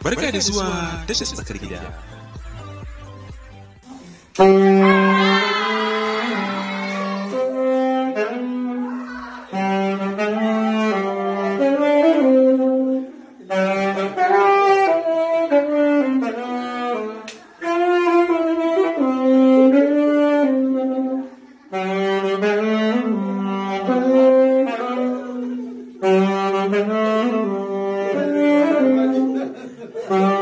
Mereka ada zuwa tashar tsakar gida. Mm-hmm.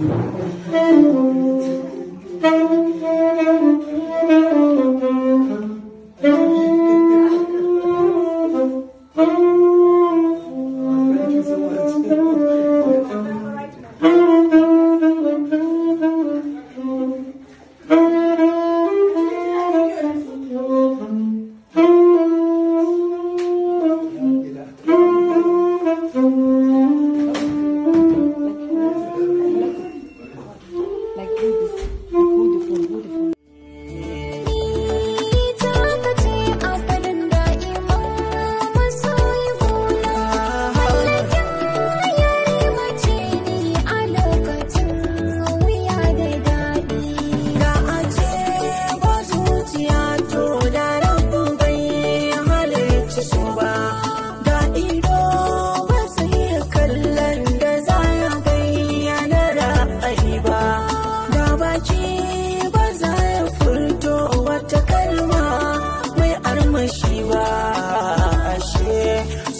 Thank you. secondes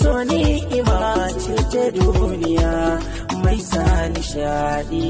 Soni ni'ima ce ta duniya mai sa nishaɗi